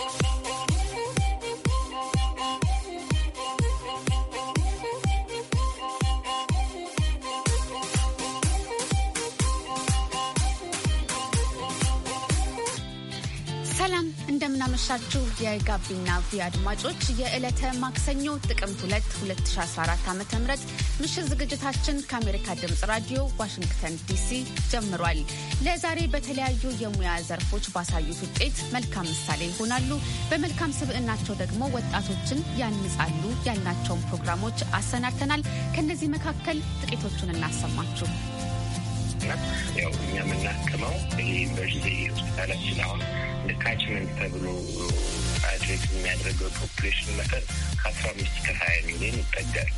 Thank you. እንደምናመሻችሁ የጋቢና ቪ አድማጮች የዕለተ ማክሰኞ ጥቅምት 2 2014 ዓ ም ምሽት ዝግጅታችን ከአሜሪካ ድምፅ ራዲዮ ዋሽንግተን ዲሲ ጀምሯል። ለዛሬ በተለያዩ የሙያ ዘርፎች ባሳዩት ውጤት መልካም ምሳሌ ይሆናሉ፣ በመልካም ስብዕናቸው ደግሞ ወጣቶችን ያንጻሉ ያልናቸውን ፕሮግራሞች አሰናድተናል። ከእነዚህ መካከል ጥቂቶቹን እናሰማችሁ። እና ያው እኛ የምናክመው የዩኒቨርሲቲ ሆስፒታላችን አሁን ልካችመንት ተብሎ አድሬስ የሚያደርገው ፖፕሌሽን መጠን ከአስራ አምስት ከሀያ ሚሊዮን ይጠጋል።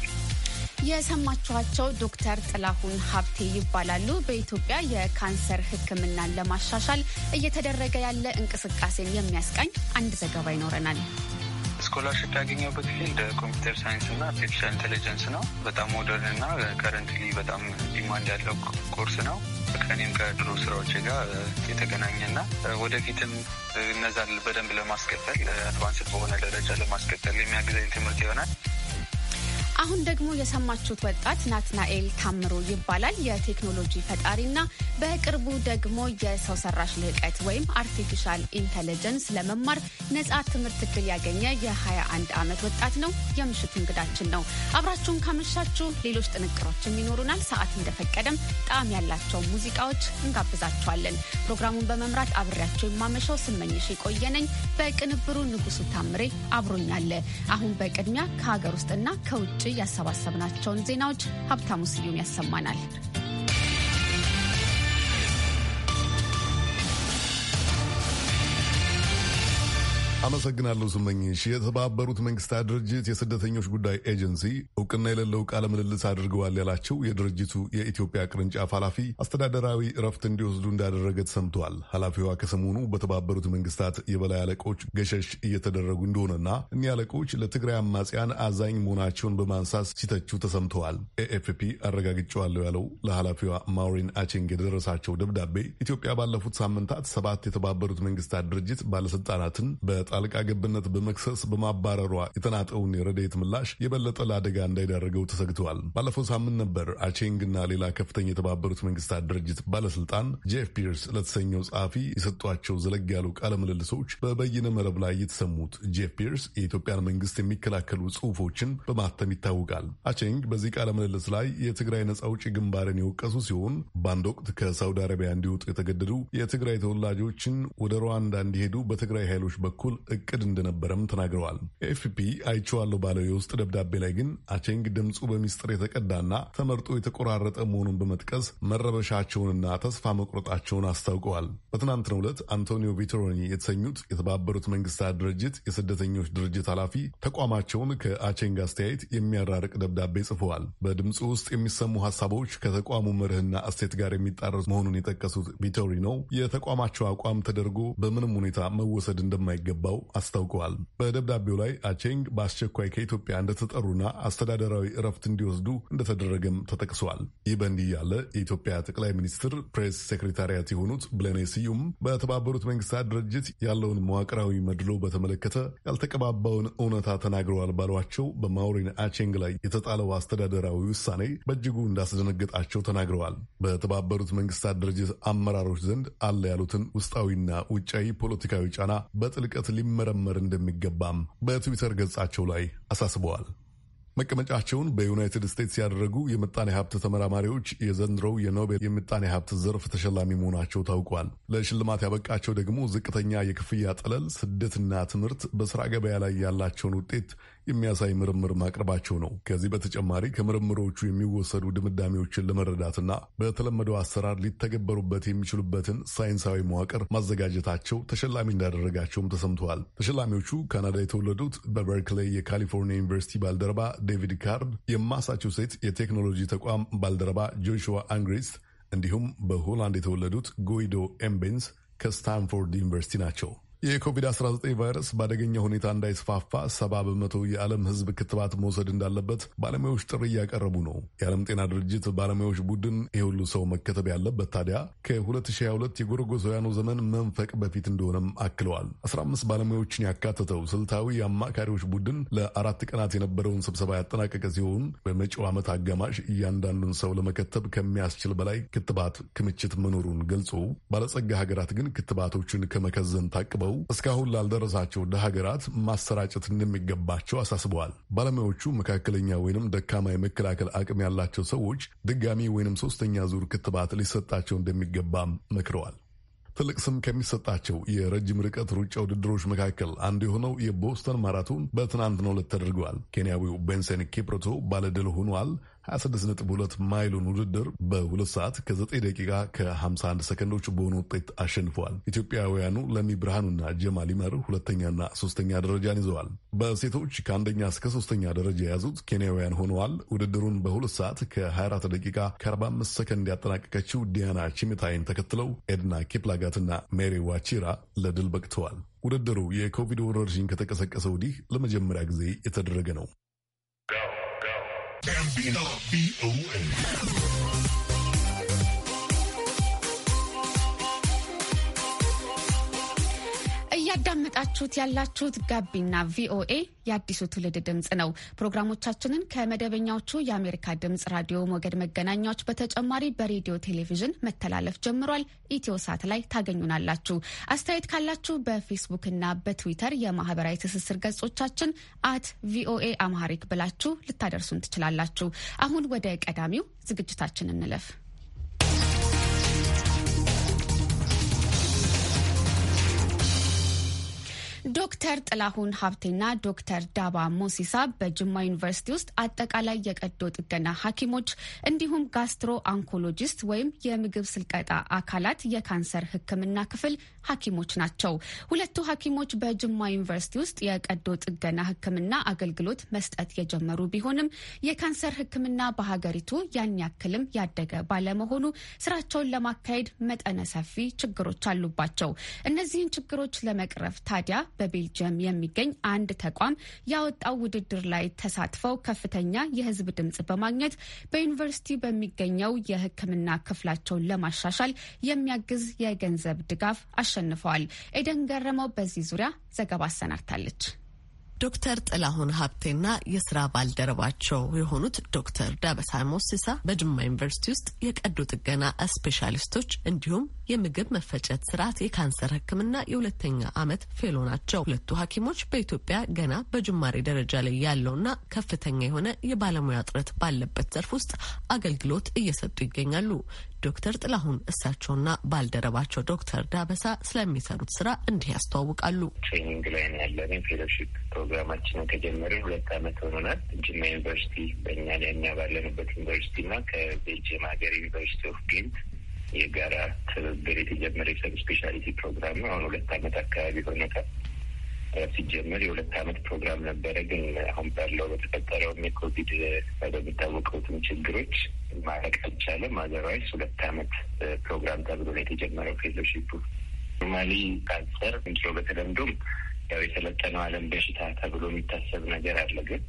የሰማችኋቸው ዶክተር ጥላሁን ሀብቴ ይባላሉ። በኢትዮጵያ የካንሰር ሕክምናን ለማሻሻል እየተደረገ ያለ እንቅስቃሴን የሚያስቃኝ አንድ ዘገባ ይኖረናል። ስኮላርሽፕ ያገኘሁበት ጊዜ እንደ ኮምፒውተር ሳይንስ እና አርቲፊሻል ኢንቴሊጀንስ ነው። በጣም ሞደርን እና ከረንትሊ በጣም ዲማንድ ያለው ኮርስ ነው። ከእኔም ከድሮ ስራዎች ጋር የተገናኘ እና ወደፊትም እነዛን በደንብ ለማስቀጠል አድቫንስ በሆነ ደረጃ ለማስቀጠል የሚያግዘኝ ትምህርት ይሆናል። አሁን ደግሞ የሰማችሁት ወጣት ናትናኤል ታምሮ ይባላል። የቴክኖሎጂ ፈጣሪና በቅርቡ ደግሞ የሰው ሰራሽ ልህቀት ወይም አርቲፊሻል ኢንተለጀንስ ለመማር ነጻ ትምህርት እድል ያገኘ የ21 ዓመት ወጣት ነው። የምሽቱ እንግዳችን ነው። አብራችሁን ካመሻችሁ ሌሎች ጥንቅሮችም ይኖሩናል። ሰዓት እንደፈቀደም ጣዕም ያላቸው ሙዚቃዎች እንጋብዛችኋለን። ፕሮግራሙን በመምራት አብሬያቸው የማመሻው ስመኝሽ የቆየነኝ፣ በቅንብሩ ንጉሱ ታምሬ አብሮኛለ። አሁን በቅድሚያ ከሀገር ውስጥና ከውጭ እያሰባሰብናቸውን ዜናዎች ሀብታሙ ስዩም ያሰማናል። አመሰግናለሁ ስመኝሽ። የተባበሩት መንግስታት ድርጅት የስደተኞች ጉዳይ ኤጀንሲ እውቅና የሌለው ቃለ ምልልስ አድርገዋል ያላቸው የድርጅቱ የኢትዮጵያ ቅርንጫፍ ኃላፊ አስተዳደራዊ እረፍት እንዲወስዱ እንዳደረገ ተሰምቷል። ኃላፊዋ ከሰሞኑ በተባበሩት መንግስታት የበላይ አለቆች ገሸሽ እየተደረጉ እንደሆነና እኒህ አለቆች ለትግራይ አማጽያን አዛኝ መሆናቸውን በማንሳት ሲተቹ ተሰምተዋል። ኤኤፍፒ አረጋግጫዋለሁ ያለው ለኃላፊዋ ማውሪን አቼንግ የደረሳቸው ደብዳቤ ኢትዮጵያ ባለፉት ሳምንታት ሰባት የተባበሩት መንግስታት ድርጅት ባለስልጣናትን በ ጣልቃ ገብነት በመክሰስ በማባረሯ የተናጠውን የረድኤት ምላሽ የበለጠ ለአደጋ እንዳይዳረገው ተሰግተዋል። ባለፈው ሳምንት ነበር አቼንግና ሌላ ከፍተኛ የተባበሩት መንግስታት ድርጅት ባለስልጣን ጄፍ ፒርስ ለተሰኘው ጸሐፊ የሰጧቸው ዘለግ ያሉ ቃለ ምልልሶች በበይነ መረብ ላይ የተሰሙት ጄፍ ፒርስ የኢትዮጵያን መንግስት የሚከላከሉ ጽሑፎችን በማተም ይታወቃል። አቼንግ በዚህ ቃለ ምልልስ ላይ የትግራይ ነጻ አውጪ ግንባርን የወቀሱ ሲሆን በአንድ ወቅት ከሳውዲ አረቢያ እንዲወጡ የተገደዱ የትግራይ ተወላጆችን ወደ ሩዋንዳ እንዲሄዱ በትግራይ ኃይሎች በኩል እቅድ እንደነበረም ተናግረዋል። ኤፍፒ አይቼዋለሁ ባለው የውስጥ ደብዳቤ ላይ ግን አቼንግ ድምፁ በሚስጥር የተቀዳና ተመርጦ የተቆራረጠ መሆኑን በመጥቀስ መረበሻቸውንና ተስፋ መቁረጣቸውን አስታውቀዋል። በትናንትናው ዕለት አንቶኒዮ ቪቶሪኒ የተሰኙት የተባበሩት መንግስታት ድርጅት የስደተኞች ድርጅት ኃላፊ ተቋማቸውን ከአቼንግ አስተያየት የሚያራርቅ ደብዳቤ ጽፈዋል። በድምፁ ውስጥ የሚሰሙ ሀሳቦች ከተቋሙ መርህና እሴት ጋር የሚጣረሱ መሆኑን የጠቀሱት ቪቶሪኖ የተቋማቸው አቋም ተደርጎ በምንም ሁኔታ መወሰድ እንደማይገባ እንደሚገባው አስታውቀዋል። በደብዳቤው ላይ አቼንግ በአስቸኳይ ከኢትዮጵያ እንደተጠሩና አስተዳደራዊ እረፍት እንዲወስዱ እንደተደረገም ተጠቅሰዋል። ይህ በእንዲህ ያለ የኢትዮጵያ ጠቅላይ ሚኒስትር ፕሬስ ሴክሬታሪያት የሆኑት ብለኔ ስዩም በተባበሩት መንግስታት ድርጅት ያለውን መዋቅራዊ መድሎ በተመለከተ ያልተቀባባውን እውነታ ተናግረዋል ባሏቸው በማውሪን አቼንግ ላይ የተጣለው አስተዳደራዊ ውሳኔ በእጅጉ እንዳስደነገጣቸው ተናግረዋል። በተባበሩት መንግስታት ድርጅት አመራሮች ዘንድ አለ ያሉትን ውስጣዊና ውጫዊ ፖለቲካዊ ጫና በጥልቀት ሊመረመር እንደሚገባም በትዊተር ገጻቸው ላይ አሳስበዋል። መቀመጫቸውን በዩናይትድ ስቴትስ ያደረጉ የምጣኔ ሀብት ተመራማሪዎች የዘንድሮው የኖቤል የምጣኔ ሀብት ዘርፍ ተሸላሚ መሆናቸው ታውቋል። ለሽልማት ያበቃቸው ደግሞ ዝቅተኛ የክፍያ ጠለል፣ ስደትና ትምህርት በስራ ገበያ ላይ ያላቸውን ውጤት የሚያሳይ ምርምር ማቅረባቸው ነው። ከዚህ በተጨማሪ ከምርምሮቹ የሚወሰዱ ድምዳሜዎችን ለመረዳትና በተለመደው አሰራር ሊተገበሩበት የሚችሉበትን ሳይንሳዊ መዋቅር ማዘጋጀታቸው ተሸላሚ እንዳደረጋቸውም ተሰምተዋል። ተሸላሚዎቹ ካናዳ የተወለዱት በበርክሌይ የካሊፎርኒያ ዩኒቨርሲቲ ባልደረባ ዴቪድ ካርድ፣ የማሳቹሴት የቴክኖሎጂ ተቋም ባልደረባ ጆሹዋ አንግሪስት እንዲሁም በሆላንድ የተወለዱት ጎይዶ ኤምቤንስ ከስታንፎርድ ዩኒቨርሲቲ ናቸው። የኮቪድ-19 ቫይረስ በአደገኛ ሁኔታ እንዳይስፋፋ ሰባ በመቶ የዓለም ሕዝብ ክትባት መውሰድ እንዳለበት ባለሙያዎች ጥሪ እያቀረቡ ነው። የዓለም ጤና ድርጅት ባለሙያዎች ቡድን የሁሉ ሰው መከተብ ያለበት ታዲያ ከ2022 የጎረጎሳውያኑ ዘመን መንፈቅ በፊት እንደሆነም አክለዋል። 15 ባለሙያዎችን ያካተተው ስልታዊ የአማካሪዎች ቡድን ለአራት ቀናት የነበረውን ስብሰባ ያጠናቀቀ ሲሆን በመጪው ዓመት አጋማሽ እያንዳንዱን ሰው ለመከተብ ከሚያስችል በላይ ክትባት ክምችት መኖሩን ገልጾ ባለጸጋ ሀገራት ግን ክትባቶችን ከመከዘን ታቅበው አክለው እስካሁን ላልደረሳቸው ወደ ማሰራጨት እንደሚገባቸው አሳስበዋል። ባለሙያዎቹ መካከለኛ ወይንም ደካማ የመከላከል አቅም ያላቸው ሰዎች ድጋሚ ወይንም ሶስተኛ ዙር ክትባት ሊሰጣቸው እንደሚገባም መክረዋል። ትልቅ ስም ከሚሰጣቸው የረጅም ርቀት ሩጫ ውድድሮች መካከል አንዱ የሆነው የቦስተን ማራቶን በትናንትናው ዕለት ተደርገዋል። ኬንያዊው ቤንሰን ኪፕሩቶ ባለድል ሆኗል። 26.2 ማይሉን ውድድር በ2 ሰዓት ከ9 ደቂቃ ከ51 ሰከንዶች በሆነ ውጤት አሸንፈዋል። ኢትዮጵያውያኑ ለሚ ብርሃኑና ጀማ ሊመር ሁለተኛና ሶስተኛ ደረጃን ይዘዋል። በሴቶች ከአንደኛ እስከ ሶስተኛ ደረጃ የያዙት ኬንያውያን ሆነዋል። ውድድሩን በ2 ሰዓት ከ24 ደቂቃ ከ45 ሰከንድ ያጠናቀቀችው ዲያና ቺሚታይን ተከትለው ኤድና ኬፕላጋትና ሜሪ ዋቺራ ለድል በቅተዋል። ውድድሩ የኮቪድ ወረርሽኝ ከተቀሰቀሰ ወዲህ ለመጀመሪያ ጊዜ የተደረገ ነው። Bambino, B-O-A. እያዳመጣችሁት ያላችሁት ጋቢና ቪኦኤ የአዲሱ ትውልድ ድምፅ ነው። ፕሮግራሞቻችንን ከመደበኛዎቹ የአሜሪካ ድምፅ ራዲዮ ሞገድ መገናኛዎች በተጨማሪ በሬዲዮ ቴሌቪዥን መተላለፍ ጀምሯል። ኢትዮ ሳት ላይ ታገኙናላችሁ። አስተያየት ካላችሁ በፌስቡክ እና በትዊተር የማህበራዊ ትስስር ገጾቻችን አት ቪኦኤ አማሪክ ብላችሁ ልታደርሱን ትችላላችሁ። አሁን ወደ ቀዳሚው ዝግጅታችን እንለፍ። ዶክተር ጥላሁን ሀብቴና ዶክተር ዳባ ሞሲሳ በጅማ ዩኒቨርሲቲ ውስጥ አጠቃላይ የቀዶ ጥገና ሐኪሞች እንዲሁም ጋስትሮ አንኮሎጂስት ወይም የምግብ ስልቀጣ አካላት የካንሰር ሕክምና ክፍል ሐኪሞች ናቸው። ሁለቱ ሐኪሞች በጅማ ዩኒቨርሲቲ ውስጥ የቀዶ ጥገና ሕክምና አገልግሎት መስጠት የጀመሩ ቢሆንም የካንሰር ሕክምና በሀገሪቱ ያን ያክልም ያደገ ባለመሆኑ ስራቸውን ለማካሄድ መጠነ ሰፊ ችግሮች አሉባቸው። እነዚህን ችግሮች ለመቅረፍ ታዲያ በቤልጅየም የሚገኝ አንድ ተቋም ያወጣው ውድድር ላይ ተሳትፈው ከፍተኛ የህዝብ ድምጽ በማግኘት በዩኒቨርሲቲ በሚገኘው የሕክምና ክፍላቸውን ለማሻሻል የሚያግዝ የገንዘብ ድጋፍ አሻ አሸንፈዋል። ኤደን ገረመው በዚህ ዙሪያ ዘገባ አሰናድታለች። ዶክተር ጥላሁን ሀብቴና የስራ ባልደረባቸው የሆኑት ዶክተር ዳበሳ ሞሲሳ በጅማ ዩኒቨርሲቲ ውስጥ የቀዶ ጥገና ስፔሻሊስቶች እንዲሁም የምግብ መፈጨት ስርዓት የካንሰር ሕክምና የሁለተኛ ዓመት ፌሎ ናቸው። ሁለቱ ሐኪሞች በኢትዮጵያ ገና በጅማሬ ደረጃ ላይ ያለውና ከፍተኛ የሆነ የባለሙያ እጥረት ባለበት ዘርፍ ውስጥ አገልግሎት እየሰጡ ይገኛሉ። ዶክተር ጥላሁን እሳቸውና ባልደረባቸው ዶክተር ዳበሳ ስለሚሰሩት ስራ እንዲህ ያስተዋውቃሉ። ትሬኒንግ ላይ ነው ያለን። ፌሎሺፕ ፕሮግራማችንን ከጀመረ ሁለት አመት ሆኖናል። ጅማ ዩኒቨርሲቲ በእኛ ላይ እኛ ባለንበት ዩኒቨርሲቲ ከቤልጅየም ሀገር ዩኒቨርሲቲ ኦፍ ጌንት የጋራ ትብብር የተጀመረ የሰብ ስፔሻሊቲ ፕሮግራም ነው። አሁን ሁለት አመት አካባቢ ሆነታል። ሲጀመር የሁለት አመት ፕሮግራም ነበረ። ግን አሁን ባለው በተፈጠረውም የኮቪድ በሚታወቀውትም ችግሮች ማለቅ አልቻለም። አዘርዋይስ ሁለት አመት ፕሮግራም ተብሎ ነው የተጀመረው ፌሎሺፑ። ኖርማሊ ካንሰር እንዲ በተለምዶም ያው የሰለጠነው አለም በሽታ ተብሎ የሚታሰብ ነገር አለ ግን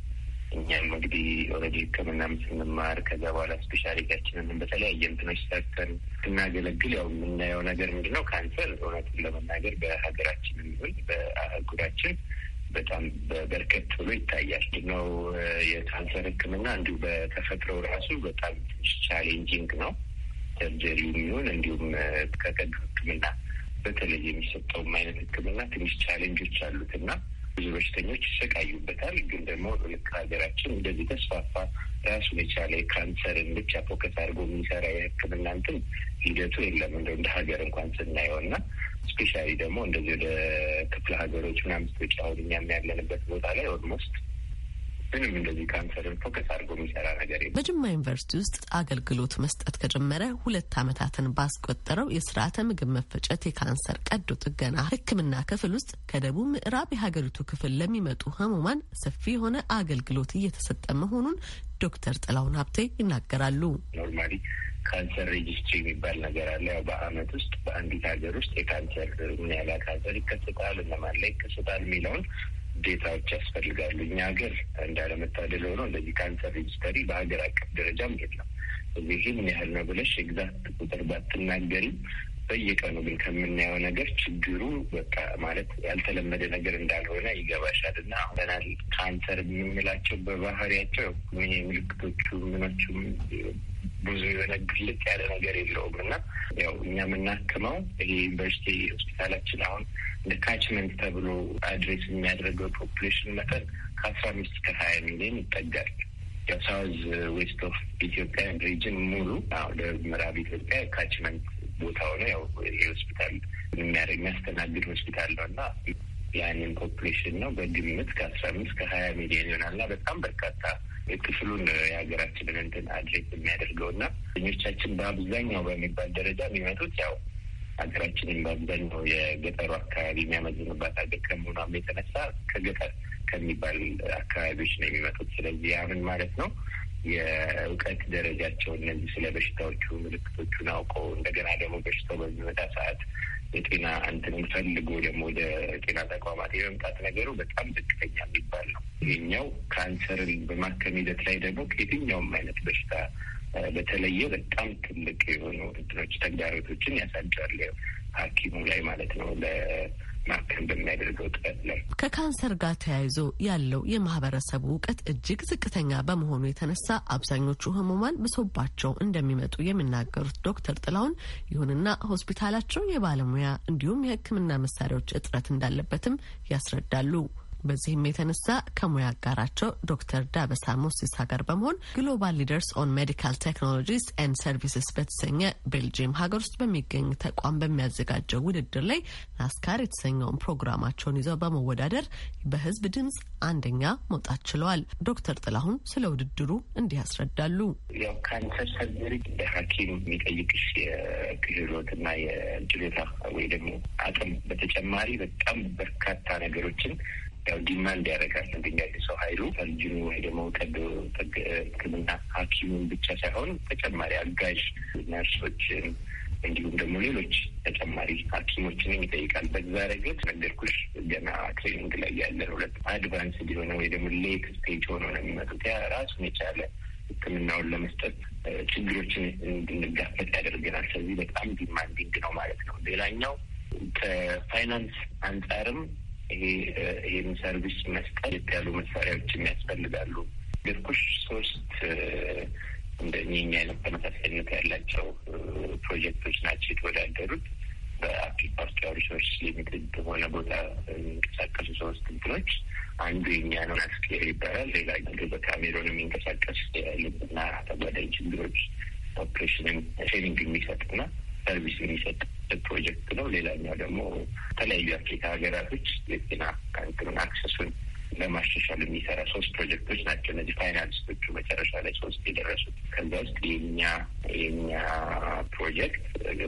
እኛም እንግዲህ ኦልሬዲ ሕክምናም ስንማር ከዛ በኋላ ስፔሻሊቲያችንን በተለያየ እንትኖች ሰርተን ስናገለግል ያው የምናየው ነገር ምንድን ነው? ካንሰር እውነቱን ለመናገር በሀገራችን ይሁን በአህጉራችን በጣም በበርከት ብሎ ይታያል ነው። የካንሰር ሕክምና እንዲሁ በተፈጥሮ ራሱ በጣም ትንሽ ቻሌንጂንግ ነው። ሰርጀሪ የሚሆን እንዲሁም ከቀዶ ሕክምና በተለይ የሚሰጠውም አይነት ሕክምና ትንሽ ቻሌንጆች አሉት እና ብዙ በሽተኞች ይሰቃዩበታል። ግን ደግሞ ልክ ሀገራችን እንደዚህ ተስፋፋ ራሱ የቻለ የካንሰርን ብቻ ፎከስ አድርጎ የሚሰራ የሕክምና እንትን ሂደቱ የለም እንደ እንደ ሀገር እንኳን ስናየው እና ስፔሻሊ ደግሞ እንደዚህ ወደ ክፍለ ሀገሮች ምናምን ስትወጪ አሁን እኛም ያለንበት ቦታ ላይ ኦልሞስት ምንም እንደዚህ ካንሰርን ፎከስ አድርጎ በጅማ ዩኒቨርሲቲ ውስጥ አገልግሎት መስጠት ከጀመረ ሁለት ዓመታትን ባስቆጠረው የስርዓተ ምግብ መፈጨት የካንሰር ቀዶ ጥገና ሕክምና ክፍል ውስጥ ከደቡብ ምዕራብ የሀገሪቱ ክፍል ለሚመጡ ህሙማን ሰፊ የሆነ አገልግሎት እየተሰጠ መሆኑን ዶክተር ጥላሁን ሀብቴ ይናገራሉ። ኖርማሊ ካንሰር ሬጅስትሪ የሚባል ነገር አለ። ያው በአመት ውስጥ በአንዲት ሀገር ውስጥ የካንሰር ምን ያህል ካንሰር ይከሰታል፣ እነማን ላይ ይከሰታል የሚለውን ዴታዎች ያስፈልጋሉ። እኛ ሀገር እንዳለመታደል ሆኖ እንደዚህ ካንሰር ሬጅስተሪ በሀገር አቀፍ ደረጃም የለም። እዚህ ምን ያህል ነው ብለሽ ኤግዛክት ቁጥር ባትናገሪም በየቀኑ ግን ከምናየው ነገር ችግሩ በቃ ማለት ያልተለመደ ነገር እንዳልሆነ ይገባሻል። እና አሁን ካንሰር የምንላቸው በባህሪያቸው ምን ምልክቶቹ ምኖቹም ብዙ የሆነ ግልጥ ያለ ነገር የለውም እና ያው እኛ የምናክመው ይሄ ዩኒቨርሲቲ ሆስፒታላችን አሁን እንደ ካችመንት ተብሎ አድሬስ የሚያደርገው ፖፕሌሽን መጠን ከአስራ አምስት ከሀያ ሚሊዮን ይጠጋል። ሳውዝ ዌስት ኦፍ ኢትዮጵያ ሪጅን ሙሉ ምዕራብ ኢትዮጵያ ካችመንት ቦታ ሆነ ያው የሆስፒታል የሚያደርግ የሚያስተናግድ ሆስፒታል ነው እና ያንን ፖፕሌሽን ነው በግምት ከአስራ አምስት ከሀያ ሚሊዮን ይሆናል እና በጣም በርካታ ክፍሉን የሀገራችንን እንትን አድሬት የሚያደርገው እና ኞቻችን በአብዛኛው በሚባል ደረጃ የሚመጡት ያው ሀገራችንን በአብዛኛው የገጠሩ አካባቢ የሚያመዝኑባት ሀገር ከመሆኗም የተነሳ ከገጠር ከሚባል አካባቢዎች ነው የሚመጡት። ስለዚህ ያምን ማለት ነው የእውቀት ደረጃቸው እነዚህ ስለ በሽታዎቹ ምልክቶቹን አውቀው እንደገና ደግሞ በሽታው በሚመጣ ሰዓት የጤና እንትን ፈልጎ ደግሞ ወደ ጤና ተቋማት የመምጣት ነገሩ በጣም ዝቅተኛ የሚባል ነው። ይሄኛው ካንሰርን በማከም ሂደት ላይ ደግሞ ከየትኛውም አይነት በሽታ በተለየ በጣም ትልቅ የሆኑ እንትኖች ተግዳሮቶችን ያሳድራል ሐኪሙ ላይ ማለት ነው። መንግስትን ጥረት ነው። ከካንሰር ጋር ተያይዞ ያለው የማህበረሰቡ እውቀት እጅግ ዝቅተኛ በመሆኑ የተነሳ አብዛኞቹ ህሙማን ብሶባቸው እንደሚመጡ የሚናገሩት ዶክተር ጥላሁን ይሁንና ሆስፒታላቸው የባለሙያ እንዲሁም የህክምና መሳሪያዎች እጥረት እንዳለበትም ያስረዳሉ። በዚህም የተነሳ ከሙያ አጋራቸው ዶክተር ዳበሳ ሞሲሳ ጋር በመሆን ግሎባል ሊደርስ ኦን ሜዲካል ቴክኖሎጂስ ኤንድ ሰርቪስስ በተሰኘ ቤልጅየም ሀገር ውስጥ በሚገኝ ተቋም በሚያዘጋጀው ውድድር ላይ ናስካር የተሰኘውን ፕሮግራማቸውን ይዘው በመወዳደር በህዝብ ድምጽ አንደኛ መውጣት ችለዋል። ዶክተር ጥላሁን ስለ ውድድሩ እንዲህ ያስረዳሉ። ያው ካንሰር ሰርጀሪ በሐኪም የሚጠይቅሽ የክህሎትና የችሎታ ወይ ደግሞ አቅም በተጨማሪ በጣም በርካታ ነገሮችን ያው ዲማንድ ያደርጋል እንግዲህ ሰው ኃይሉ ፈልጅኑ ወይ ደግሞ ቀዶ ሕክምና ሐኪሙን ብቻ ሳይሆን ተጨማሪ አጋዥ ነርሶችን እንዲሁም ደግሞ ሌሎች ተጨማሪ ሐኪሞችንም ይጠይቃል። በዛ ረገድ ነገርኩሽ ገና ትሬኒንግ ላይ ያለ ሁለት አድቫንስ እንዲሆነ ወይ ደግሞ ሌት ስቴጅ ሆኖ ነው የሚመጡት። ያ ራሱን የቻለ ሕክምናውን ለመስጠት ችግሮችን እንድንጋፈጥ ያደርገናል። ስለዚህ በጣም ዲማንዲንግ ነው ማለት ነው። ሌላኛው ከፋይናንስ አንጻርም ይሄ ይህን ሰርቪስ መስጠት ያሉ መሳሪያዎች የሚያስፈልጋሉ። ግርኩሽ ሶስት እንደ እኛ አይነት ተመሳሳይነት ያላቸው ፕሮጀክቶች ናቸው የተወዳደሩት። በአፍሪካ ሪሶርስ ሊሚትድ በሆነ ቦታ የሚንቀሳቀሱ ሶስት እንትኖች አንዱ የኛ ነው ናስኬር ይባላል። ሌላ በካሜሮን የሚንቀሳቀስ የልብና ተጓዳኝ ችግሮች ኦፕሬሽንን ትሬኒንግ የሚሰጥ ና ሰርቪስ የሚሰጥ ፕሮጀክት ነው። ሌላኛው ደግሞ የተለያዩ የአፍሪካ ሀገራቶች የጤና ካንክሩን አክሰሱን ለማሻሻል የሚሰራ ሶስት ፕሮጀክቶች ናቸው። እነዚህ ፋይናሊስቶቹ መጨረሻ ላይ ሶስት የደረሱት ከዛ ውስጥ የኛ የኛ ፕሮጀክት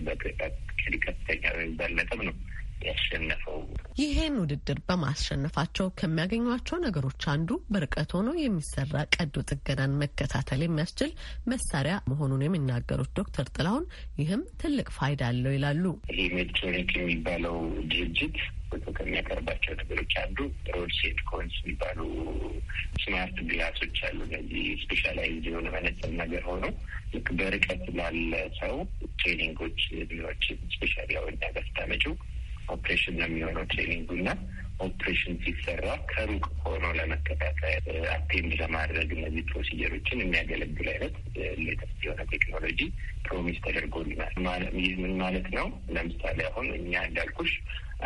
በቅጣት ከፍተኛ በሚባል ነጥብ ነው ያሸነፈው። ይህን ውድድር በማሸነፋቸው ከሚያገኟቸው ነገሮች አንዱ በርቀት ሆኖ የሚሰራ ቀዶ ጥገናን መከታተል የሚያስችል መሳሪያ መሆኑን የሚናገሩት ዶክተር ጥላሁን ይህም ትልቅ ፋይዳ አለው ይላሉ። ይህ ሜዲትሮኒክ የሚባለው ድርጅት ከሚያቀርባቸው ነገሮች አንዱ ሮድ ኮንስ የሚባሉ ስማርት ግላሶች አሉ። እነዚህ ስፔሻላይዝ የሆነ መነጽር ነገር ሆኖ ልክ በርቀት ላለ ሰው ትሬኒንጎች ሊኖች ስፔሻሊ ያው እኛ ኦፕሬሽን ነው የሚሆነው ትሬኒንጉ እና ኦፕሬሽን ሲሰራ ከሩቅ ሆኖ ለመከታተል አቴንድ ለማድረግ እነዚህ ፕሮሲጀሮችን የሚያገለግል አይነት ሌተስት የሆነ ቴክኖሎጂ ፕሮሚስ ተደርጎልናል። ይህ ምን ማለት ነው? ለምሳሌ አሁን እኛ እንዳልኩሽ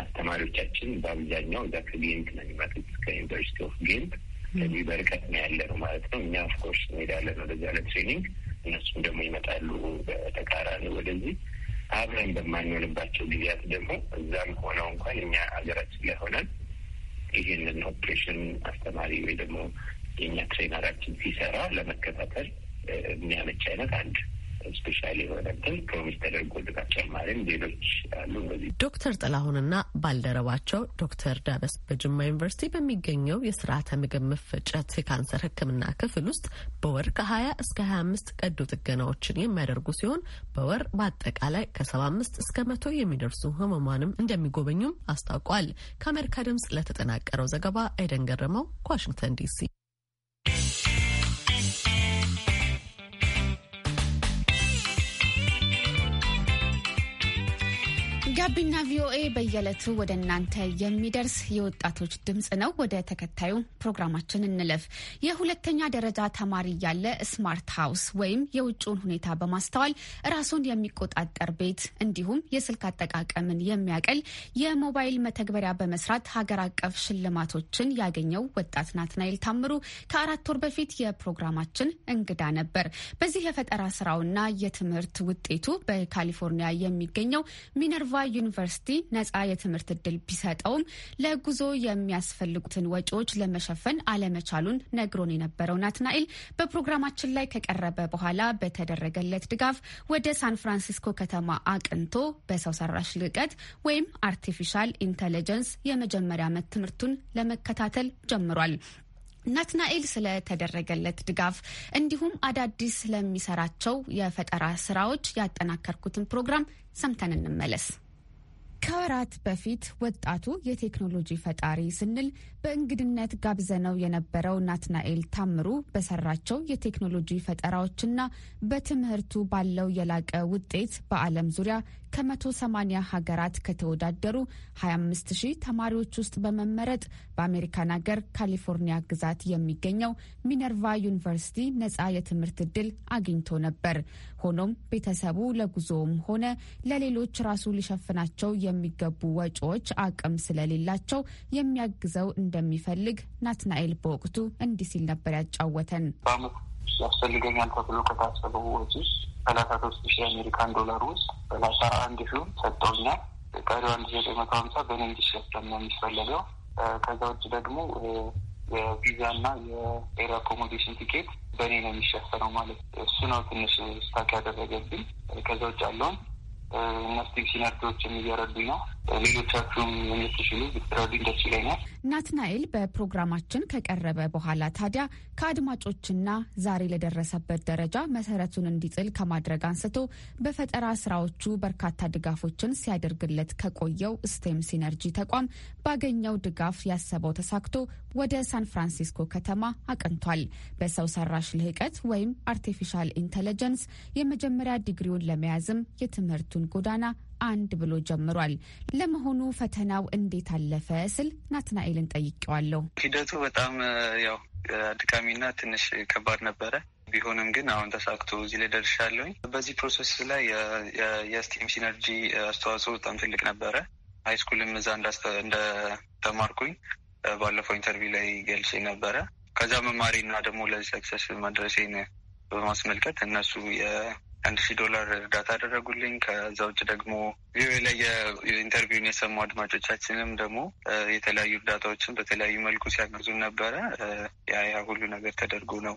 አስተማሪዎቻችን በአብዛኛው እዛ ከጌንት ነው የሚመጡት ከዩኒቨርሲቲ ኦፍ ጌንት ከዚህ በርቀት ነው ያለ ነው ማለት ነው። እኛ ኦፍኮርስ እንሄዳለን ወደዚያ ለትሬኒንግ፣ እነሱም ደግሞ ይመጣሉ በተቃራኒ ወደዚህ አብረን በማንሆንባቸው ጊዜያት ደግሞ እዛም ሆነው እንኳን እኛ ሀገራችን ላይ ሆነን ይህንን ኦፕሬሽን አስተማሪ ወይ ደግሞ የእኛ ትሬነራችን ሲሰራ ለመከታተል የሚያመች አይነት አንድ ስፔሻል የሆነ እንትን ፕሮሚስ ተደርጎልናል። ጨማሪም ሌሎች አሉ። በዚህ ዶክተር ጥላሁንና ባልደረባቸው ዶክተር ዳበስ በጅማ ዩኒቨርሲቲ በሚገኘው የስርዓተ ምግብ መፈጨት የካንሰር ሕክምና ክፍል ውስጥ በወር ከሀያ እስከ ሀያ አምስት ቀዶ ጥገናዎችን የሚያደርጉ ሲሆን በወር በአጠቃላይ ከሰባ አምስት እስከ መቶ የሚደርሱ ህመሟንም እንደሚጎበኙም አስታውቋል። ከአሜሪካ ድምጽ ለተጠናቀረው ዘገባ አይደን ገረመው ከዋሽንግተን ዲሲ ጋቢና ቪኦኤ በየዕለቱ ወደ እናንተ የሚደርስ የወጣቶች ድምፅ ነው። ወደ ተከታዩ ፕሮግራማችን እንለፍ። የሁለተኛ ደረጃ ተማሪ ያለ ስማርት ሃውስ ወይም የውጭውን ሁኔታ በማስተዋል ራሱን የሚቆጣጠር ቤት እንዲሁም የስልክ አጠቃቀምን የሚያቀል የሞባይል መተግበሪያ በመስራት ሀገር አቀፍ ሽልማቶችን ያገኘው ወጣት ናትናኤል ታምሩ ከአራት ወር በፊት የፕሮግራማችን እንግዳ ነበር። በዚህ የፈጠራ ስራውና የትምህርት ውጤቱ በካሊፎርኒያ የሚገኘው ሚነርቫ ዩኒቨርሲቲ ነፃ የትምህርት እድል ቢሰጠውም ለጉዞ የሚያስፈልጉትን ወጪዎች ለመሸፈን አለመቻሉን ነግሮን የነበረው ናትናኤል በፕሮግራማችን ላይ ከቀረበ በኋላ በተደረገለት ድጋፍ ወደ ሳን ፍራንሲስኮ ከተማ አቅንቶ በሰው ሰራሽ ልቀት ወይም አርቲፊሻል ኢንተለጀንስ የመጀመሪያ ዓመት ትምህርቱን ለመከታተል ጀምሯል። ናትናኤል ስለተደረገለት ድጋፍ እንዲሁም አዳዲስ ስለሚሰራቸው የፈጠራ ስራዎች ያጠናከርኩትን ፕሮግራም ሰምተን እንመለስ። ከወራት በፊት ወጣቱ የቴክኖሎጂ ፈጣሪ ስንል በእንግድነት ጋብዘነው የነበረው ናትናኤል ታምሩ በሰራቸው የቴክኖሎጂ ፈጠራዎችና በትምህርቱ ባለው የላቀ ውጤት በዓለም ዙሪያ ከ180 ሀገራት ከተወዳደሩ 25 ሺህ ተማሪዎች ውስጥ በመመረጥ በአሜሪካን ሀገር ካሊፎርኒያ ግዛት የሚገኘው ሚነርቫ ዩኒቨርሲቲ ነጻ የትምህርት ዕድል አግኝቶ ነበር። ሆኖም ቤተሰቡ ለጉዞውም ሆነ ለሌሎች ራሱ ሊሸፍናቸው የሚገቡ ወጪዎች አቅም ስለሌላቸው የሚያግዘው እንደሚፈልግ ናትናኤል በወቅቱ እንዲህ ሲል ነበር ያጫወተን። ያስፈልገኛል ተብሎ ከታሰበው ወጪ ሰላሳ ሶስት ሺህ አሜሪካን ዶላር ውስጥ ሰላሳ አንድ ሺሁን ሰጠውኛል። ቀሪው አንድ ዘጠኝ መቶ ሀምሳ በእኔ እንዲሸፈን ነው የሚፈለገው። ከዛ ውጭ ደግሞ የቪዛና የኤር አኮሞዴሽን ቲኬት በእኔ ነው የሚሸፈነው ማለት እሱ ነው ትንሽ ስታክ ያደረገብኝ። ከዛ ውጭ ያለውን እነዚህ ሲነርቶዎችም እየረዱኝ ነው። ሌሎቻችሁም የምትችሉ ደስ ይለኛል። ናትናኤል በፕሮግራማችን ከቀረበ በኋላ ታዲያ ከአድማጮችና ዛሬ ለደረሰበት ደረጃ መሰረቱን እንዲጥል ከማድረግ አንስቶ በፈጠራ ስራዎቹ በርካታ ድጋፎችን ሲያደርግለት ከቆየው ስቴም ሲነርጂ ተቋም ባገኘው ድጋፍ ያሰበው ተሳክቶ ወደ ሳን ፍራንሲስኮ ከተማ አቅንቷል። በሰው ሰራሽ ልህቀት ወይም አርቲፊሻል ኢንተለጀንስ የመጀመሪያ ዲግሪውን ለመያዝም የትምህርቱን ጎዳና አንድ ብሎ ጀምሯል። ለመሆኑ ፈተናው እንዴት አለፈ ስል ናትናኤልን ጠይቄዋለሁ። ሂደቱ በጣም ያው አድካሚና ትንሽ ከባድ ነበረ። ቢሆንም ግን አሁን ተሳክቶ እዚህ ላይ ደርሻለሁኝ። በዚህ ፕሮሰስ ላይ የስቲም ሲነርጂ አስተዋጽኦ በጣም ትልቅ ነበረ። ሃይስኩልም እዛ እንደተማርኩኝ ባለፈው ኢንተርቪው ላይ ገልጽ ነበረ። ከዛ መማሪና ደግሞ ለዚህ ሰክሰስ መድረሴን በማስመልከት እነሱ የአንድ ሺህ ዶላር እርዳታ አደረጉልኝ ከዛ ውጭ ደግሞ ቪኦኤ ላይ የኢንተርቪውን የሰሙ አድማጮቻችንም ደግሞ የተለያዩ እርዳታዎችን በተለያዩ መልኩ ሲያግዙን ነበረ። ያ ያ ሁሉ ነገር ተደርጎ ነው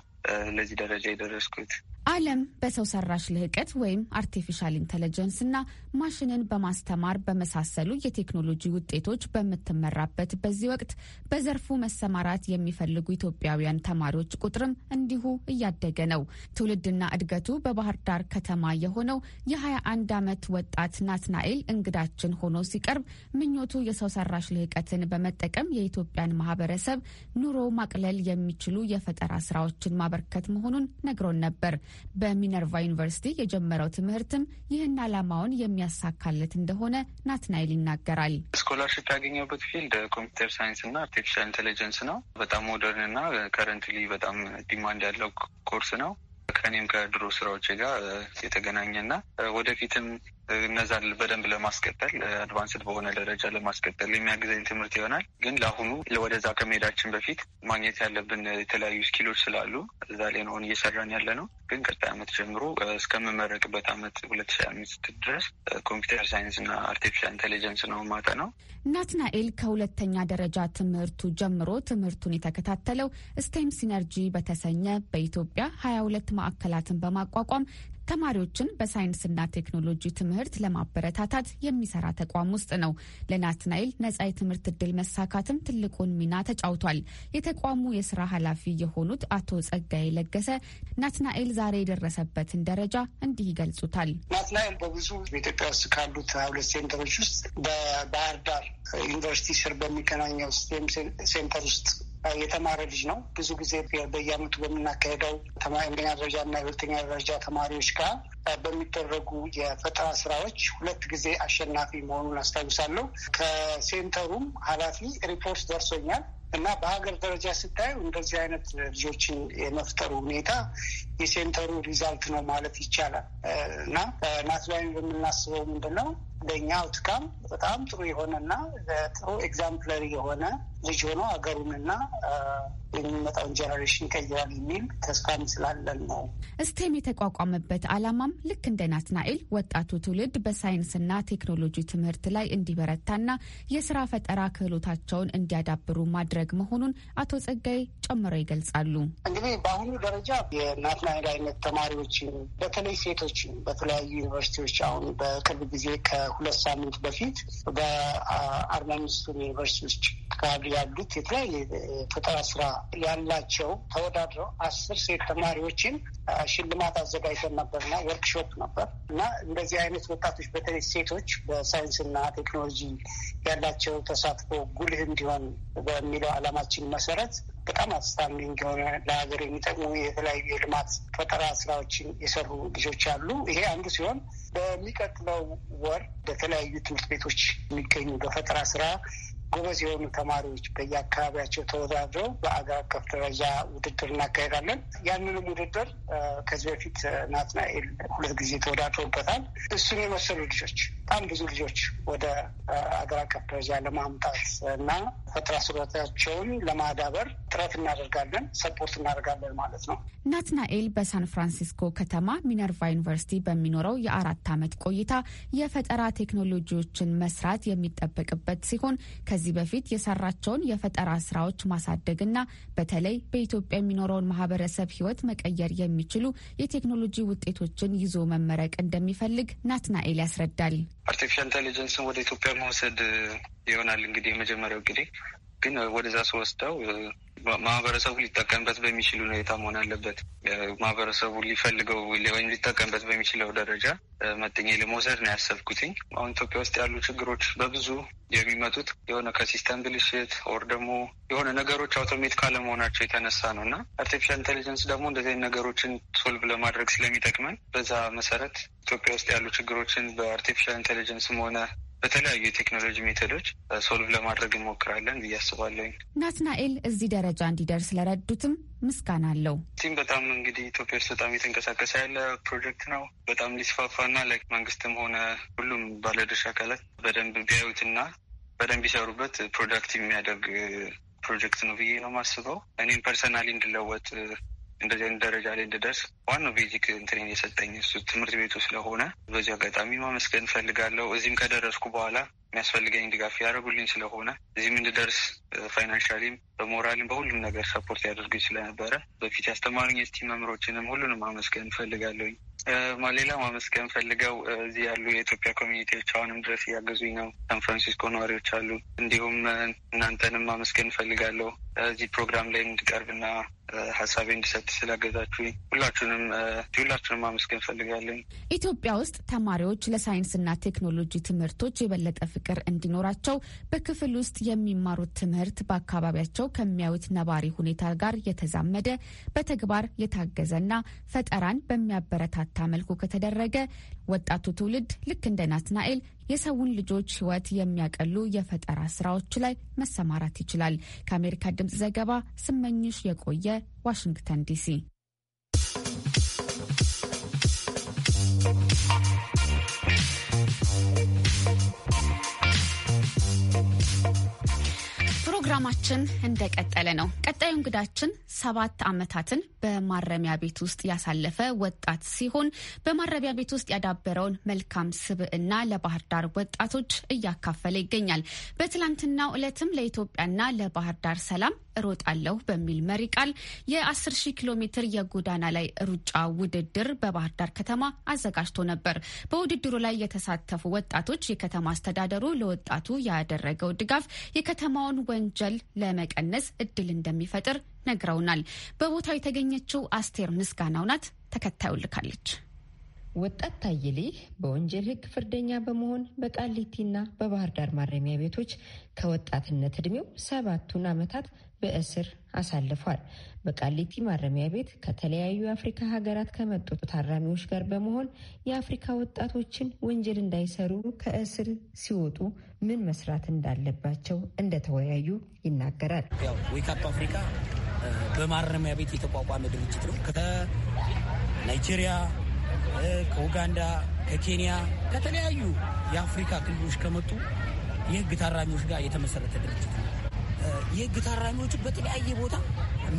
ለዚህ ደረጃ የደረስኩት። ዓለም በሰው ሰራሽ ልህቀት ወይም አርቲፊሻል ኢንተለጀንስ እና ማሽንን በማስተማር በመሳሰሉ የቴክኖሎጂ ውጤቶች በምትመራበት በዚህ ወቅት በዘርፉ መሰማራት የሚፈልጉ ኢትዮጵያውያን ተማሪዎች ቁጥርም እንዲሁ እያደገ ነው። ትውልድና እድገቱ በባህር ዳር ከተማ የሆነው የ21 ዓመት ወጣት ናትናኤል እንግዳችን ሆኖ ሲቀርብ ምኞቱ የሰው ሰራሽ ልህቀትን በመጠቀም የኢትዮጵያን ማህበረሰብ ኑሮ ማቅለል የሚችሉ የፈጠራ ስራዎችን ማበርከት መሆኑን ነግሮን ነበር። በሚነርቫ ዩኒቨርሲቲ የጀመረው ትምህርትም ይህን ዓላማውን የሚያሳካለት እንደሆነ ናትናይል ይናገራል። ስኮላርሽፕ ያገኘበት ፊልድ ኮምፒውተር ሳይንስ እና አርቲፊሻል ኢንቴሊጀንስ ነው። በጣም ሞደርን እና ከረንትሊ በጣም ዲማንድ ያለው ኮርስ ነው። ከኔም ከድሮ ስራዎች ጋር የተገናኘና ወደፊትም እነዛን በደንብ ለማስቀጠል አድቫንስድ በሆነ ደረጃ ለማስቀጠል የሚያግዘኝ ትምህርት ይሆናል። ግን ለአሁኑ ወደዛ ከመሄዳችን በፊት ማግኘት ያለብን የተለያዩ ስኪሎች ስላሉ እዛ ላይ አሁን እየሰራን ያለ ነው። ግን ቀጣይ ዓመት ጀምሮ እስከምመረቅበት ዓመት ሁለት ሺ አምስት ድረስ ኮምፒውተር ሳይንስ እና አርቲፊሻል ኢንቴሊጀንስ ነው ማጠ ነው። ናትናኤል ከሁለተኛ ደረጃ ትምህርቱ ጀምሮ ትምህርቱን የተከታተለው ስቴም ሲነርጂ በተሰኘ በኢትዮጵያ ሀያ ሁለት ማዕከላትን በማቋቋም ተማሪዎችን በሳይንስና ቴክኖሎጂ ትምህርት ለማበረታታት የሚሰራ ተቋም ውስጥ ነው። ለናትናኤል ነጻ የትምህርት እድል መሳካትም ትልቁን ሚና ተጫውቷል። የተቋሙ የስራ ኃላፊ የሆኑት አቶ ጸጋዬ ለገሰ ናትናኤል ዛሬ የደረሰበትን ደረጃ እንዲህ ይገልጹታል። ናትናኤል በብዙ በኢትዮጵያ ውስጥ ካሉት ሁለት ሴንተሮች ውስጥ በባህር ዳር ዩኒቨርሲቲ ስር በሚገናኘው ስቴም ሴንተር ውስጥ የተማረ ልጅ ነው። ብዙ ጊዜ በየአመቱ በምናካሄደው አንደኛ ደረጃ እና የሁለተኛ ደረጃ ተማሪዎች ጋር በሚደረጉ የፈጠራ ስራዎች ሁለት ጊዜ አሸናፊ መሆኑን አስታውሳለሁ። ከሴንተሩም ኃላፊ ሪፖርት ደርሶኛል እና በሀገር ደረጃ ስታዩ እንደዚህ አይነት ልጆችን የመፍጠሩ ሁኔታ የሴንተሩ ሪዛልት ነው ማለት ይቻላል እና ናትላዊ የምናስበው ምንድን ነው ለእኛ አውትካም በጣም ጥሩ የሆነና ጥሩ ኤግዛምፕለሪ የሆነ ልጅ ሆኖ ሀገሩንና የሚመጣውን ጀነሬሽን ይቀይራል የሚል ተስፋም ስላለን ነው። እስቴም የተቋቋመበት ዓላማም ልክ እንደ ናትናኤል ወጣቱ ትውልድ በሳይንስና ቴክኖሎጂ ትምህርት ላይ እንዲበረታና የስራ ፈጠራ ክህሎታቸውን እንዲያዳብሩ ማድረግ መሆኑን አቶ ጸጋይ ጨምረው ይገልጻሉ። እንግዲህ በአሁኑ ደረጃ የናትና ከአንድ አይነት ተማሪዎችን በተለይ ሴቶችን በተለያዩ ዩኒቨርሲቲዎች አሁን በቅርብ ጊዜ ከሁለት ሳምንት በፊት በአርባ አምስቱን ዩኒቨርሲቲዎች አካባቢ ያሉት የተለያየ ፈጠራ ስራ ያላቸው ተወዳድረው አስር ሴት ተማሪዎችን ሽልማት አዘጋጅተን ነበርና ወርክሾፕ ነበር እና እንደዚህ አይነት ወጣቶች በተለይ ሴቶች በሳይንስና ቴክኖሎጂ ያላቸው ተሳትፎ ጉልህ እንዲሆን በሚለው አላማችን መሰረት በጣም አስታንዲንግ የሆነ ለሀገር የሚጠቅሙ የተለያዩ የልማት ፈጠራ ስራዎችን የሰሩ ልጆች አሉ። ይሄ አንዱ ሲሆን በሚቀጥለው ወር በተለያዩ ትምህርት ቤቶች የሚገኙ በፈጠራ ስራ ጎበዝ የሆኑ ተማሪዎች በየአካባቢያቸው ተወዳድረው በአገር አቀፍ ደረጃ ውድድር እናካሄዳለን። ያንንም ውድድር ከዚህ በፊት ናትናኤል ሁለት ጊዜ ተወዳድሮበታል። እሱን የመሰሉ ልጆች በጣም ብዙ ልጆች ወደ አገር አቀፍ ደረጃ ለማምጣት እና ፈጠራ ስሎታቸውን ለማዳበር ጥረት እናደርጋለን፣ ሰፖርት እናደርጋለን ማለት ነው። ናትናኤል በሳን ፍራንሲስኮ ከተማ ሚነርቫ ዩኒቨርሲቲ በሚኖረው የአራት ዓመት ቆይታ የፈጠራ ቴክኖሎጂዎችን መስራት የሚጠበቅበት ሲሆን ከዚህ በፊት የሰራቸውን የፈጠራ ስራዎች ማሳደግና በተለይ በኢትዮጵያ የሚኖረውን ማህበረሰብ ህይወት መቀየር የሚችሉ የቴክኖሎጂ ውጤቶችን ይዞ መመረቅ እንደሚፈልግ ናትናኤል ያስረዳል። አርቲፊሻል ኢንቴሊጀንስን ወደ ኢትዮጵያ መውሰድ ይሆናል እንግዲህ የመጀመሪያው ጊዜ ግን ወደዛ ስወስደው ማህበረሰቡ ሊጠቀምበት በሚችል ሁኔታ መሆን አለበት። ማህበረሰቡ ሊፈልገው ወይም ሊጠቀምበት በሚችለው ደረጃ መጠኛ ለመውሰድ ነው ያሰብኩትኝ። አሁን ኢትዮጵያ ውስጥ ያሉ ችግሮች በብዙ የሚመጡት የሆነ ከሲስተም ብልሽት ኦር ደግሞ የሆነ ነገሮች አውቶሜት ካለመሆናቸው የተነሳ ነው እና አርቲፊሻል ኢንቴሊጀንስ ደግሞ እንደዚህ ነገሮችን ሶልቭ ለማድረግ ስለሚጠቅመን በዛ መሰረት ኢትዮጵያ ውስጥ ያሉ ችግሮችን በአርቲፊሻል ኢንቴሊጀንስም ሆነ በተለያዩ የቴክኖሎጂ ሜቶዶች ሶልቭ ለማድረግ እንሞክራለን ብዬ አስባለሁ። ናትናኤል እዚህ ደረጃ እንዲደርስ ለረዱትም ምስጋና አለው። ቲም በጣም እንግዲህ ኢትዮጵያ ውስጥ በጣም እየተንቀሳቀሰ ያለ ፕሮጀክት ነው። በጣም ሊስፋፋና ላይክ መንግስትም ሆነ ሁሉም ባለድርሻ አካላት በደንብ ቢያዩትና በደንብ ቢሰሩበት ፕሮዳክት የሚያደርግ ፕሮጀክት ነው ብዬ ነው የማስበው። እኔም ፐርሰናሊ እንድለወጥ እንደዚህ አይነት ደረጃ ላይ እንድደርስ ዋናው ቤዚክ እንትን የሰጠኝ እሱ ትምህርት ቤቱ ስለሆነ በዚህ አጋጣሚ ማመስገን እፈልጋለሁ። እዚህም ከደረስኩ በኋላ የሚያስፈልገኝ ድጋፍ ያደረጉልኝ ስለሆነ እዚህም እንድደርስ ፋይናንሻሊም በሞራልም በሁሉም ነገር ሰፖርት ያደርጉኝ ስለነበረ በፊት ያስተማሩኝ የስቲም መምሮችንም ሁሉንም አመስገን እፈልጋለሁኝ። ሌላ ማመስገን ፈልገው እዚህ ያሉ የኢትዮጵያ ኮሚኒቲዎች አሁንም ድረስ እያገዙኝ ነው። ሳን ፍራንሲስኮ ነዋሪዎች አሉ። እንዲሁም እናንተንም ማመስገን ፈልጋለሁ እዚህ ፕሮግራም ላይ እንድቀርብና ሀሳቤ እንድሰጥ ስላገዛችሁኝ ሁላችሁንም ሁላችሁንም ማመስገን እፈልጋለሁ። ኢትዮጵያ ውስጥ ተማሪዎች ለሳይንስና ቴክኖሎጂ ትምህርቶች የበለጠ ፍቅር እንዲኖራቸው በክፍል ውስጥ የሚማሩት ትምህርት በአካባቢያቸው ከሚያዩት ነባሪ ሁኔታ ጋር የተዛመደ በተግባር የታገዘና ፈጠራን በሚያበረታታ መልኩ ከተደረገ ወጣቱ ትውልድ ልክ እንደ ናትናኤል የሰውን ልጆች ሕይወት የሚያቀሉ የፈጠራ ስራዎች ላይ መሰማራት ይችላል። ከአሜሪካ ድምጽ ዘገባ ስመኝሽ የቆየ ዋሽንግተን ዲሲ። ፕሮግራማችን እንደቀጠለ ነው። ቀጣዩ እንግዳችን ሰባት ዓመታትን በማረሚያ ቤት ውስጥ ያሳለፈ ወጣት ሲሆን በማረሚያ ቤት ውስጥ ያዳበረውን መልካም ስብዕና ለባህር ዳር ወጣቶች እያካፈለ ይገኛል። በትላንትናው ዕለትም ለኢትዮጵያና ለባህር ዳር ሰላም እሮጣለሁ በሚል መሪ ቃል የ10 ሺህ ኪሎ ሜትር የጎዳና ላይ ሩጫ ውድድር በባህር ዳር ከተማ አዘጋጅቶ ነበር። በውድድሩ ላይ የተሳተፉ ወጣቶች የከተማ አስተዳደሩ ለወጣቱ ያደረገው ድጋፍ የከተማውን ወንጀል ለመቀነስ እድል እንደሚፈጥር ነግረውናል። በቦታው የተገኘችው አስቴር ምስጋናው ናት። ተከታዩ ልካለች። ወጣት ታይሌ በወንጀል ሕግ ፍርደኛ በመሆን በቃሊቲና በባህር ዳር ማረሚያ ቤቶች ከወጣትነት እድሜው ሰባቱን ዓመታት በእስር አሳልፏል። በቃሊቲ ማረሚያ ቤት ከተለያዩ የአፍሪካ ሀገራት ከመጡ ታራሚዎች ጋር በመሆን የአፍሪካ ወጣቶችን ወንጀል እንዳይሰሩ ከእስር ሲወጡ ምን መስራት እንዳለባቸው እንደተወያዩ ይናገራል። ዌይካፕ አፍሪካ በማረሚያ ቤት የተቋቋመ ድርጅት ነው። ከናይጄሪያ፣ ከኡጋንዳ፣ ከኬንያ ከተለያዩ የአፍሪካ ክልሎች ከመጡ የህግ ታራሚዎች ጋር የተመሰረተ ድርጅት ነው። የህግ ታራሚዎችን በተለያየ ቦታ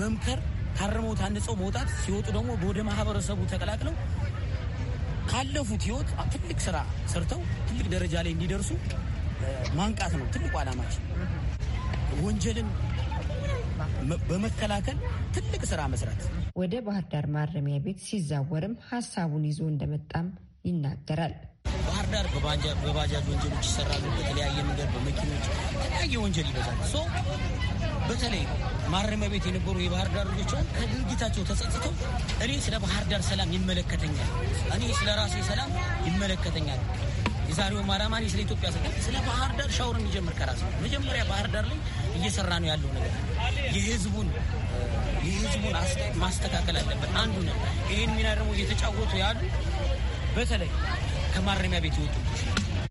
መምከር፣ ታርመው ታንጸው መውጣት፣ ሲወጡ ደግሞ ወደ ማህበረሰቡ ተቀላቅለው ካለፉት ህይወት ትልቅ ስራ ሰርተው ትልቅ ደረጃ ላይ እንዲደርሱ ማንቃት ነው ትልቁ ዓላማችን። ወንጀልን በመከላከል ትልቅ ስራ መስራት። ወደ ባህር ዳር ማረሚያ ቤት ሲዛወርም ሀሳቡን ይዞ እንደመጣም ይናገራል። ባህር ዳር በባጃጅ ወንጀሎች ይሰራሉ። በተለያየ መንገድ በመኪኖች የተለያየ ወንጀል ይበዛል። ሶ በተለይ ማረሚያ ቤት የነበሩ የባህር ዳር ልጆችን ከድርጊታቸው ተጸጽተው እኔ ስለ ባህር ዳር ሰላም ይመለከተኛል፣ እኔ ስለ ራሴ ሰላም ይመለከተኛል የዛሬው ማራማ ስለ ኢትዮጵያ ሰላም፣ ስለ ባህር ዳር ሻወር የሚጀምር ከራስ መጀመሪያ ባህር ዳር ላይ እየሰራ ነው ያለው ነገር የህዝቡን የህዝቡን ማስተካከል አለበት አንዱ ነው። ይህን ሚና ደግሞ እየተጫወቱ ያሉ በተለይ ከማረሚያ ቤት ይወጡ።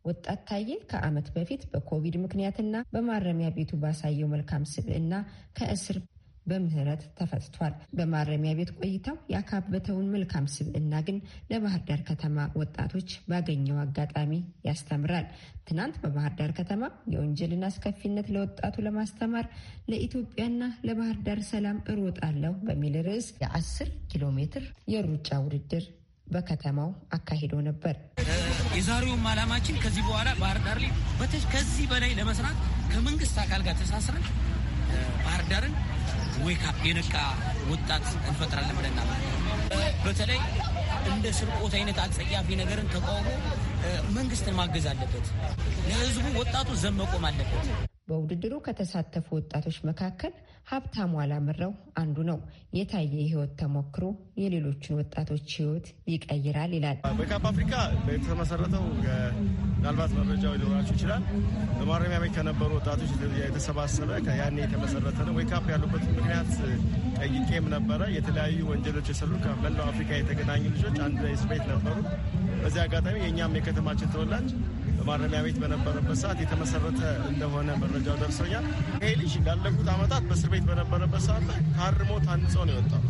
ወጣት ታዬ ከዓመት በፊት በኮቪድ ምክንያትና በማረሚያ ቤቱ ባሳየው መልካም ስብዕና ከእስር በምህረት ተፈትቷል። በማረሚያ ቤት ቆይታው ያካበተውን መልካም ስብዕና ግን ለባህር ዳር ከተማ ወጣቶች ባገኘው አጋጣሚ ያስተምራል። ትናንት በባህር ዳር ከተማ የወንጀልን አስከፊነት ለወጣቱ ለማስተማር ለኢትዮጵያና ለባህር ዳር ሰላም እሮጣለሁ በሚል ርዕስ የአስር ኪሎ ሜትር የሩጫ ውድድር በከተማው አካሂዶ ነበር። የዛሬውም ዓላማችን ከዚህ በኋላ ባህር ዳር ላይ ከዚህ በላይ ለመስራት ከመንግስት አካል ጋር ተሳስረን ባህር ዳርን ዌይካፕ የነቃ ወጣት እንፈጥራለን ብለና በተለይ እንደ ስርቆት አይነት አጸያፊ ነገርን ተቃውሞ መንግስትን ማገዝ አለበት። ለህዝቡ ወጣቱ ዘመቆም አለበት። በውድድሩ ከተሳተፉ ወጣቶች መካከል ሀብታሙ አላምረው አንዱ ነው። የታየ ህይወት ተሞክሮ የሌሎችን ወጣቶች ህይወት ይቀይራል ይላል። በካፕ አፍሪካ የተመሰረተው ምናልባት መረጃ ሊኖራችሁ ይችላል። በማረሚያ ቤት ከነበሩ ወጣቶች የተሰባሰበ ያኔ የተመሰረተ ነው። ወይ ያሉበት ምክንያት ጠይቄም ነበረ። የተለያዩ ወንጀሎች የሰሩ ከመላው አፍሪካ የተገናኙ ልጆች አንድ ላይ እስር ቤት ነበሩ። በዚህ አጋጣሚ የእኛም የከተማችን ተወላጅ ማረሚያ ቤት በነበረበት ሰዓት የተመሰረተ እንደሆነ መረጃው ደርሰኛል። ይሄ ልጅ ላለፉት ዓመታት በእስር ቤት በነበረበት ሰዓት ላይ ታርሞ ታንጾ ነው የወጣው።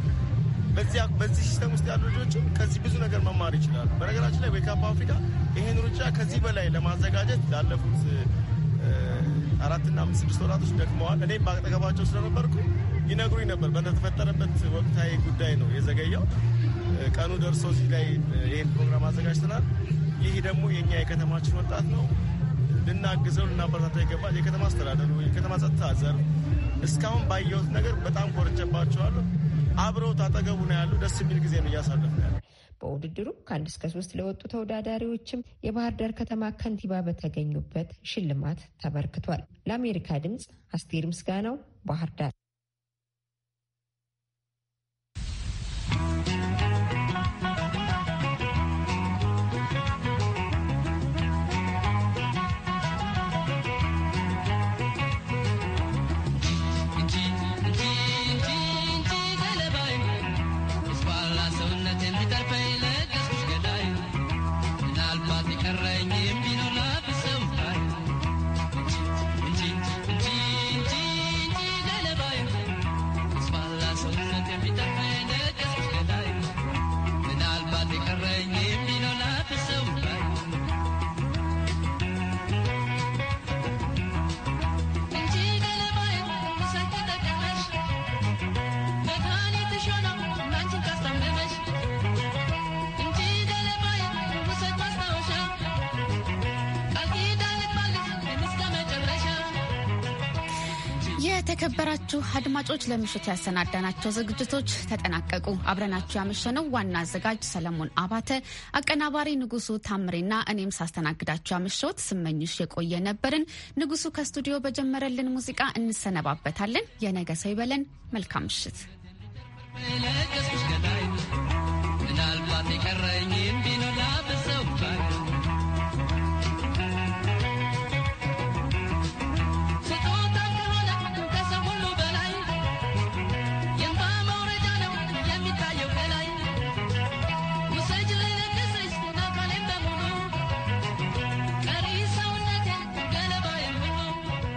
በዚህ ሲስተም ውስጥ ያሉ ልጆችም ከዚህ ብዙ ነገር መማር ይችላሉ። በነገራችን ላይ ዌክ አፍሪካ ይህን ሩጫ ከዚህ በላይ ለማዘጋጀት ላለፉት አራትና አምስት ስድስት ወራቶች ደክመዋል። እኔም በአጠገባቸው ስለነበርኩ ይነግሩኝ ነበር። በተፈጠረበት ወቅታዊ ጉዳይ ነው የዘገየው። ቀኑ ደርሶ እዚህ ላይ ይህን ፕሮግራም አዘጋጅተናል። ይህ ደግሞ የኛ የከተማችን ወጣት ነው። ልናግዘው ልናበረታታ ይገባል። የከተማ አስተዳደሩ፣ የከተማ ጸጥታ ዘር እስካሁን ባየሁት ነገር በጣም ኮርቼባቸዋለሁ። አብረው አጠገቡ ነው ያሉ። ደስ የሚል ጊዜ ነው እያሳለፍ ነው ያለ። በውድድሩ ከአንድ እስከ ሶስት ለወጡ ተወዳዳሪዎችም የባህር ዳር ከተማ ከንቲባ በተገኙበት ሽልማት ተበርክቷል። ለአሜሪካ ድምፅ አስቴር ምስጋናው ባህር ዳር። የተከበራችሁ አድማጮች ለምሽቱ ያሰናዳናቸው ዝግጅቶች ተጠናቀቁ። አብረናችሁ ያመሸነው ዋና አዘጋጅ ሰለሞን አባተ፣ አቀናባሪ ንጉሱ ታምሬና እኔም ሳስተናግዳችሁ ያመሸሁት ስመኝሽ የቆየ ነበርን። ንጉሱ ከስቱዲዮ በጀመረልን ሙዚቃ እንሰነባበታለን። የነገ ሰው ይበለን። መልካም ምሽት። ምናልባት ይቀረኝ